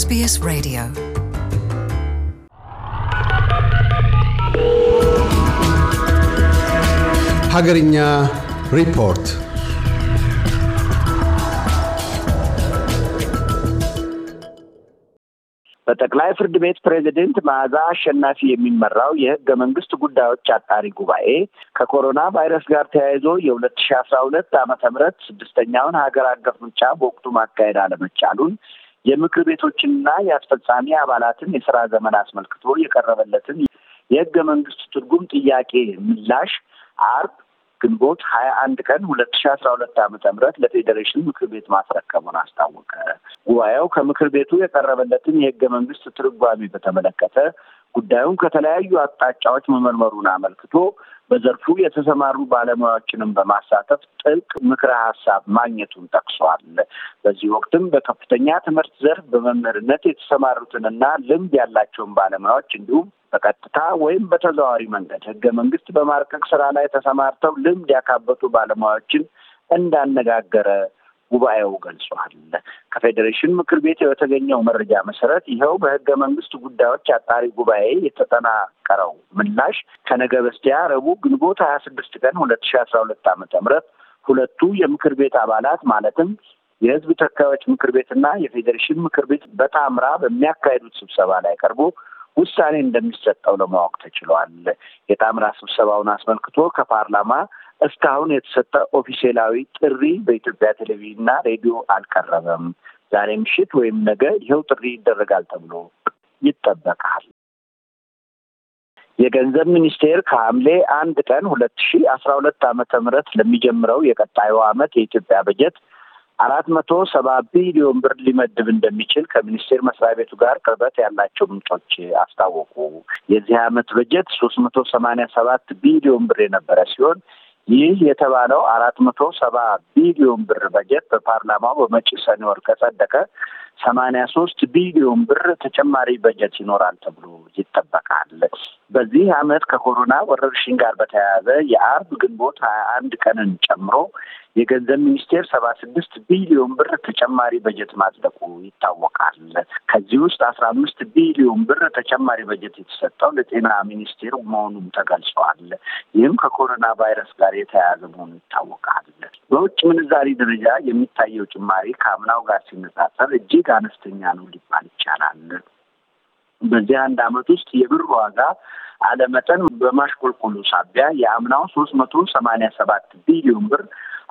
SBS Radio. ሀገርኛ ሪፖርት በጠቅላይ ፍርድ ቤት ፕሬዚደንት መዓዛ አሸናፊ የሚመራው የህገ መንግስት ጉዳዮች አጣሪ ጉባኤ ከኮሮና ቫይረስ ጋር ተያይዞ የሁለት ሺ አስራ ሁለት አመተ ምህረት ስድስተኛውን ሀገር አቀፍ ምርጫ በወቅቱ ማካሄድ አለመቻሉን የምክር ቤቶችንና የአስፈጻሚ አባላትን የስራ ዘመን አስመልክቶ የቀረበለትን የህገ መንግስት ትርጉም ጥያቄ ምላሽ አርብ ግንቦት ሀያ አንድ ቀን ሁለት ሺ አስራ ሁለት ዓመተ ምህረት ለፌዴሬሽን ምክር ቤት ማስረከቡን አስታወቀ። ጉባኤው ከምክር ቤቱ የቀረበለትን የህገ መንግስት ትርጓሜ በተመለከተ ጉዳዩን ከተለያዩ አቅጣጫዎች መመርመሩን አመልክቶ በዘርፉ የተሰማሩ ባለሙያዎችንም በማሳተፍ ጥልቅ ምክረ ሀሳብ ማግኘቱን ጠቅሷል። በዚህ ወቅትም በከፍተኛ ትምህርት ዘርፍ በመምህርነት የተሰማሩትንና ልምድ ያላቸውን ባለሙያዎች እንዲሁም በቀጥታ ወይም በተዘዋዋሪ መንገድ ህገ መንግስት በማርቀቅ ስራ ላይ ተሰማርተው ልምድ ያካበቱ ባለሙያዎችን እንዳነጋገረ ጉባኤው ገልጿል። ከፌዴሬሽን ምክር ቤት የተገኘው መረጃ መሰረት ይኸው በህገ መንግስት ጉዳዮች አጣሪ ጉባኤ የተጠናቀረው ምላሽ ከነገ በስቲያ ረቡዕ ግንቦት ሀያ ስድስት ቀን ሁለት ሺ አስራ ሁለት ዓመተ ምህረት ሁለቱ የምክር ቤት አባላት ማለትም የህዝብ ተወካዮች ምክር ቤትና የፌዴሬሽን ምክር ቤት በጣምራ በሚያካሄዱት ስብሰባ ላይ ቀርቦ ውሳኔ እንደሚሰጠው ለማወቅ ተችሏል። የጣምራ ስብሰባውን አስመልክቶ ከፓርላማ እስካሁን የተሰጠ ኦፊሴላዊ ጥሪ በኢትዮጵያ ቴሌቪዥን እና ሬዲዮ አልቀረበም። ዛሬ ምሽት ወይም ነገ ይኸው ጥሪ ይደረጋል ተብሎ ይጠበቃል። የገንዘብ ሚኒስቴር ከሐምሌ አንድ ቀን ሁለት ሺ አስራ ሁለት ዓመተ ምህረት ለሚጀምረው የቀጣዩ ዓመት የኢትዮጵያ በጀት አራት መቶ ሰባ ቢሊዮን ብር ሊመድብ እንደሚችል ከሚኒስቴር መስሪያ ቤቱ ጋር ቅርበት ያላቸው ምንጮች አስታወቁ። የዚህ ዓመት በጀት ሶስት መቶ ሰማኒያ ሰባት ቢሊዮን ብር የነበረ ሲሆን ይህ የተባለው አራት መቶ ሰባ ቢሊዮን ብር በጀት በፓርላማው በመጪው ሰኔ ወር ከጸደቀ ሰማንያ ሶስት ቢሊዮን ብር ተጨማሪ በጀት ይኖራል ተብሎ ይጠበቃል። በዚህ ዓመት ከኮሮና ወረርሽኝ ጋር በተያያዘ የአርብ ግንቦት ሀያ አንድ ቀንን ጨምሮ የገንዘብ ሚኒስቴር ሰባ ስድስት ቢሊዮን ብር ተጨማሪ በጀት ማጽደቁ ይታወቃል። ከዚህ ውስጥ አስራ አምስት ቢሊዮን ብር ተጨማሪ በጀት የተሰጠው ለጤና ሚኒስቴር መሆኑም ተገልጿል። ይህም ከኮሮና ቫይረስ ጋር የተያያዘ መሆኑ ይታወቃል። በውጭ ምንዛሪ ደረጃ የሚታየው ጭማሪ ከአምናው ጋር ሲነጻጸር እጅግ እጅግ አነስተኛ ነው ሊባል ይቻላል። በዚህ አንድ አመት ውስጥ የብር ዋጋ አለመጠን በማሽቆልቆሉ ሳቢያ የአምናው ሶስት መቶ ሰማኒያ ሰባት ቢሊዮን ብር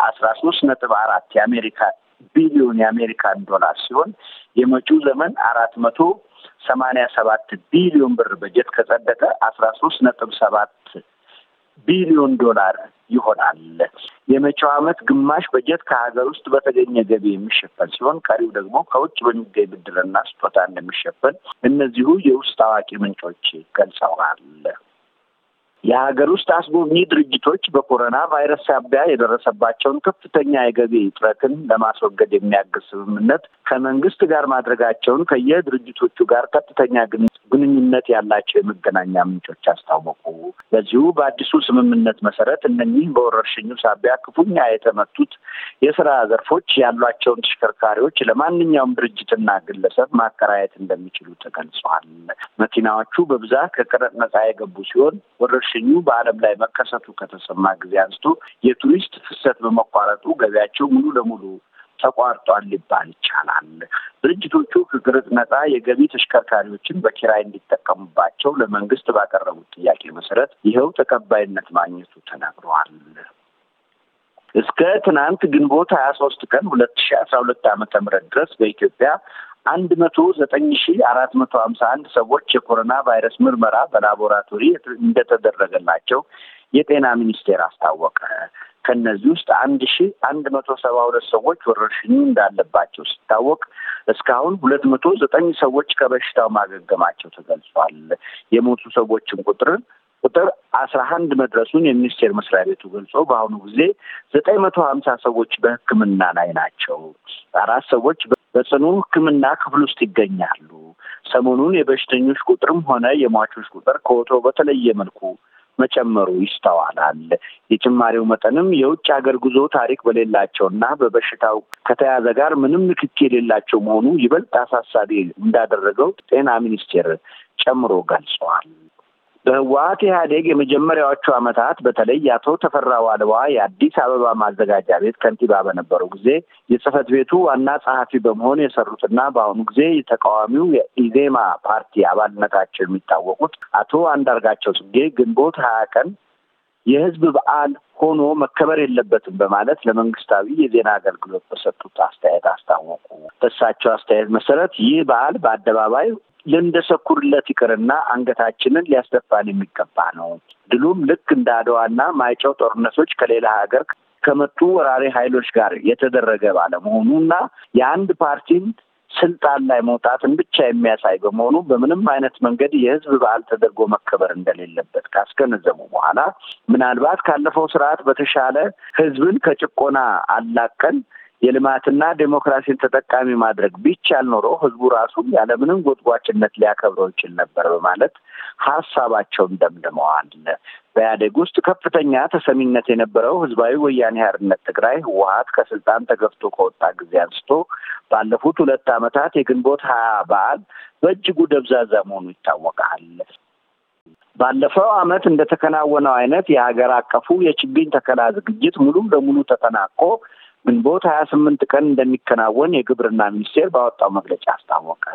አስራ ሶስት ነጥብ አራት የአሜሪካ ቢሊዮን የአሜሪካን ዶላር ሲሆን የመጪው ዘመን አራት መቶ ሰማኒያ ሰባት ቢሊዮን ብር በጀት ከጸደቀ አስራ ሶስት ነጥብ ሰባት ቢሊዮን ዶላር ይሆናል። የመጪው ዓመት ግማሽ በጀት ከሀገር ውስጥ በተገኘ ገቢ የሚሸፈን ሲሆን ቀሪው ደግሞ ከውጭ በሚገኝ ብድርና ስጦታ እንደሚሸፈን እነዚሁ የውስጥ አዋቂ ምንጮች ገልጸዋል። የሀገር ውስጥ አስጎብኚ ድርጅቶች በኮሮና ቫይረስ ሳቢያ የደረሰባቸውን ከፍተኛ የገቢ እጥረትን ለማስወገድ የሚያግዝ ስምምነት ከመንግስት ጋር ማድረጋቸውን ከየድርጅቶቹ ጋር ቀጥተኛ ግንኙነት ያላቸው የመገናኛ ምንጮች አስታወቁ። በዚሁ በአዲሱ ስምምነት መሰረት እነኚህ በወረርሽኙ ሳቢያ ክፉኛ የተመቱት የስራ ዘርፎች ያሏቸውን ተሽከርካሪዎች ለማንኛውም ድርጅትና ግለሰብ ማከራየት እንደሚችሉ ተገልጿል። መኪናዎቹ በብዛት ከቀረጥ ነጻ የገቡ ሲሆን ወረርሽ ወረርሽኙ በዓለም ላይ መከሰቱ ከተሰማ ጊዜ አንስቶ የቱሪስት ፍሰት በመቋረጡ ገቢያቸው ሙሉ ለሙሉ ተቋርጧል ሊባል ይቻላል። ድርጅቶቹ ከቀረጥ ነጻ የገቢ ተሽከርካሪዎችን በኪራይ እንዲጠቀሙባቸው ለመንግስት ባቀረቡት ጥያቄ መሰረት ይኸው ተቀባይነት ማግኘቱ ተነግሯል። እስከ ትናንት ግንቦት ሀያ ሶስት ቀን ሁለት ሺ አስራ ሁለት ዓመተ ምህረት ድረስ በኢትዮጵያ አንድ መቶ ዘጠኝ ሺ አራት መቶ ሀምሳ አንድ ሰዎች የኮሮና ቫይረስ ምርመራ በላቦራቶሪ እንደተደረገላቸው የጤና ሚኒስቴር አስታወቀ። ከነዚህ ውስጥ አንድ ሺ አንድ መቶ ሰባ ሁለት ሰዎች ወረርሽኙ እንዳለባቸው ሲታወቅ እስካሁን ሁለት መቶ ዘጠኝ ሰዎች ከበሽታው ማገገማቸው ተገልጿል። የሞቱ ሰዎችን ቁጥር ቁጥር አስራ አንድ መድረሱን የሚኒስቴር መስሪያ ቤቱ ገልጾ በአሁኑ ጊዜ ዘጠኝ መቶ ሀምሳ ሰዎች በሕክምና ላይ ናቸው። አራት ሰዎች በጽኑ ሕክምና ክፍል ውስጥ ይገኛሉ። ሰሞኑን የበሽተኞች ቁጥርም ሆነ የሟቾች ቁጥር ከወትሮ በተለየ መልኩ መጨመሩ ይስተዋላል። የጭማሪው መጠንም የውጭ ሀገር ጉዞ ታሪክ በሌላቸው እና በበሽታው ከተያዘ ጋር ምንም ንክኪ የሌላቸው መሆኑ ይበልጥ አሳሳቢ እንዳደረገው ጤና ሚኒስቴር ጨምሮ ገልጸዋል። በህወሀት ኢህአዴግ የመጀመሪያዎቹ ዓመታት በተለይ የአቶ ተፈራ ዋልዋ የአዲስ አበባ ማዘጋጃ ቤት ከንቲባ በነበረው ጊዜ የጽህፈት ቤቱ ዋና ጸሐፊ በመሆን የሰሩትና በአሁኑ ጊዜ የተቃዋሚው የኢዜማ ፓርቲ አባልነታቸው የሚታወቁት አቶ አንዳርጋቸው ጽጌ ግንቦት ሀያ ቀን የህዝብ በዓል ሆኖ መከበር የለበትም በማለት ለመንግስታዊ የዜና አገልግሎት በሰጡት አስተያየት አስታወቁ። በእሳቸው አስተያየት መሰረት ይህ በዓል በአደባባይ ልንደሰኩርለት ይቅርና አንገታችንን ሊያስደፋን የሚገባ ነው። ድሉም ልክ እንደ አድዋና ማይጨው ጦርነቶች ከሌላ ሀገር ከመጡ ወራሪ ኃይሎች ጋር የተደረገ ባለመሆኑ እና የአንድ ፓርቲን ስልጣን ላይ መውጣትን ብቻ የሚያሳይ በመሆኑ በምንም አይነት መንገድ የህዝብ በዓል ተደርጎ መከበር እንደሌለበት ካስገነዘቡ በኋላ ምናልባት ካለፈው ስርዓት በተሻለ ህዝብን ከጭቆና አላቀን የልማትና ዴሞክራሲን ተጠቃሚ ማድረግ ቢቻል ኖሮ ህዝቡ ራሱ ያለምንም ጎትጓችነት ሊያከብረው ይችል ነበር በማለት ሀሳባቸውን ደምድመዋል። በኢህአዴግ ውስጥ ከፍተኛ ተሰሚነት የነበረው ህዝባዊ ወያኔ ሓርነት ትግራይ ህወሀት ከስልጣን ተገፍቶ ከወጣ ጊዜ አንስቶ ባለፉት ሁለት ዓመታት የግንቦት ሀያ በዓል በእጅጉ ደብዛዛ መሆኑ ይታወቃል። ባለፈው ዓመት እንደተከናወነው አይነት የሀገር አቀፉ የችግኝ ተከላ ዝግጅት ሙሉ ለሙሉ ተጠናቆ ግንቦት ሀያ ስምንት ቀን እንደሚከናወን የግብርና ሚኒስቴር ባወጣው መግለጫ አስታወቀ።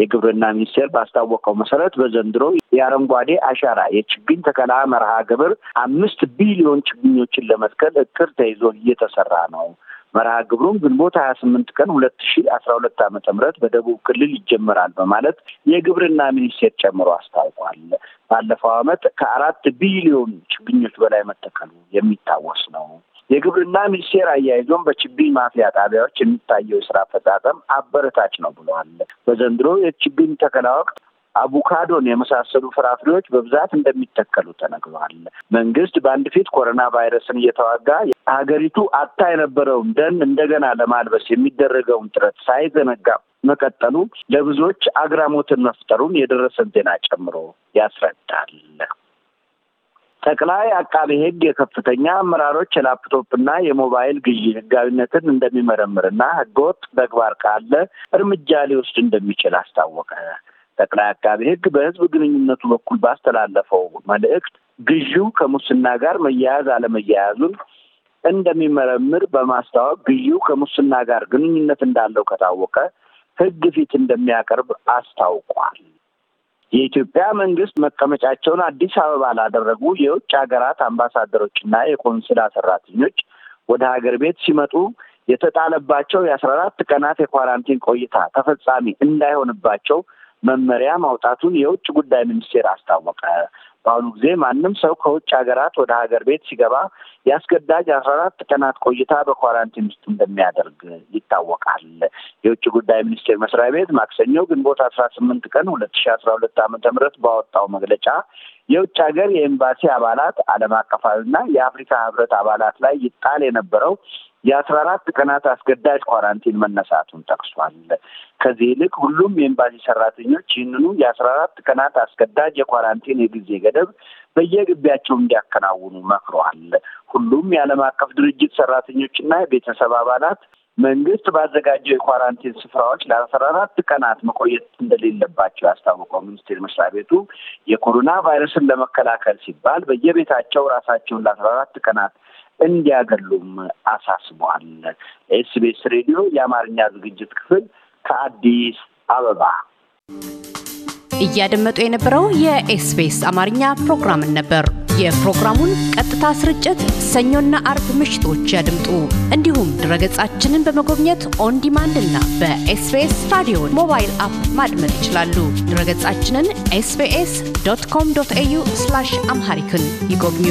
የግብርና ሚኒስቴር ባስታወቀው መሰረት በዘንድሮ የአረንጓዴ አሻራ የችግኝ ተከላ መርሃ ግብር አምስት ቢሊዮን ችግኞችን ለመትከል እቅድ ተይዞ እየተሰራ ነው። መርሃ ግብሩም ግንቦት ሀያ ስምንት ቀን ሁለት ሺ አስራ ሁለት ዓመተ ምህረት በደቡብ ክልል ይጀመራል በማለት የግብርና ሚኒስቴር ጨምሮ አስታውቋል። ባለፈው ዓመት ከአራት ቢሊዮን ችግኞች በላይ መተከሉ የሚታወስ ነው። የግብርና ሚኒስቴር አያይዞም በችግኝ ማፍያ ጣቢያዎች የሚታየው የስራ አፈጻጸም አበረታች ነው ብለዋል። በዘንድሮ የችግኝ ተከላ ወቅት አቮካዶን የመሳሰሉ ፍራፍሬዎች በብዛት እንደሚተከሉ ተነግሯል። መንግስት በአንድ ፊት ኮሮና ቫይረስን እየተዋጋ ሀገሪቱ አታ የነበረውን ደን እንደገና ለማልበስ የሚደረገውን ጥረት ሳይዘነጋ መቀጠሉ ለብዙዎች አግራሞትን መፍጠሩን የደረሰን ዜና ጨምሮ ያስረዳል። ጠቅላይ አቃቤ ህግ የከፍተኛ አመራሮች የላፕቶፕና የሞባይል ግዢ ህጋዊነትን እንደሚመረምርና ህገወጥ ተግባር ካለ እርምጃ ሊወስድ እንደሚችል አስታወቀ። ጠቅላይ አቃቤ ህግ በህዝብ ግንኙነቱ በኩል ባስተላለፈው መልእክት ግዢው ከሙስና ጋር መያያዝ አለመያያዙን እንደሚመረምር በማስታወቅ ግዢው ከሙስና ጋር ግንኙነት እንዳለው ከታወቀ ህግ ፊት እንደሚያቀርብ አስታውቋል። የኢትዮጵያ መንግስት መቀመጫቸውን አዲስ አበባ ላደረጉ የውጭ ሀገራት አምባሳደሮችና የቆንስላ ሰራተኞች ወደ ሀገር ቤት ሲመጡ የተጣለባቸው የአስራ አራት ቀናት የኳራንቲን ቆይታ ተፈጻሚ እንዳይሆንባቸው መመሪያ ማውጣቱን የውጭ ጉዳይ ሚኒስቴር አስታወቀ። በአሁኑ ጊዜ ማንም ሰው ከውጭ ሀገራት ወደ ሀገር ቤት ሲገባ የአስገዳጅ አስራ አራት ቀናት ቆይታ በኳራንቲን ውስጥ እንደሚያደርግ ይታወቃል። የውጭ ጉዳይ ሚኒስቴር መስሪያ ቤት ማክሰኞ ግንቦት አስራ ስምንት ቀን ሁለት ሺ አስራ ሁለት ዓመተ ምህረት ባወጣው መግለጫ የውጭ ሀገር የኤምባሲ አባላት ዓለም አቀፋዊና የአፍሪካ ህብረት አባላት ላይ ይጣል የነበረው የአስራ አራት ቀናት አስገዳጅ ኳራንቲን መነሳቱን ጠቅሷል። ከዚህ ይልቅ ሁሉም የኤምባሲ ሰራተኞች ይህንኑ የአስራ አራት ቀናት አስገዳጅ የኳራንቲን የጊዜ ገደብ በየግቢያቸው እንዲያከናውኑ መክሯል። ሁሉም የዓለም አቀፍ ድርጅት ሰራተኞችና የቤተሰብ አባላት መንግስት ባዘጋጀው የኳራንቲን ስፍራዎች ለአስራ አራት ቀናት መቆየት እንደሌለባቸው ያስታወቀው ሚኒስቴር መስሪያ ቤቱ የኮሮና ቫይረስን ለመከላከል ሲባል በየቤታቸው ራሳቸውን ለአስራ አራት ቀናት እንዲያገሉም አሳስቧል። ኤስቢኤስ ሬዲዮ የአማርኛ ዝግጅት ክፍል ከአዲስ አበባ እያደመጡ የነበረው የኤስቢኤስ አማርኛ ፕሮግራምን ነበር። የፕሮግራሙን ቀጥታ ስርጭት ሰኞና አርብ ምሽቶች ያድምጡ። እንዲሁም ድረገጻችንን በመጎብኘት ኦን ዲማንድ እና በኤስቤስ ራዲዮ ሞባይል አፕ ማድመጥ ይችላሉ። ድረገጻችንን ኤስቤስ ዶት ኮም ዶት ኤዩ አምሃሪክን ይጎብኙ።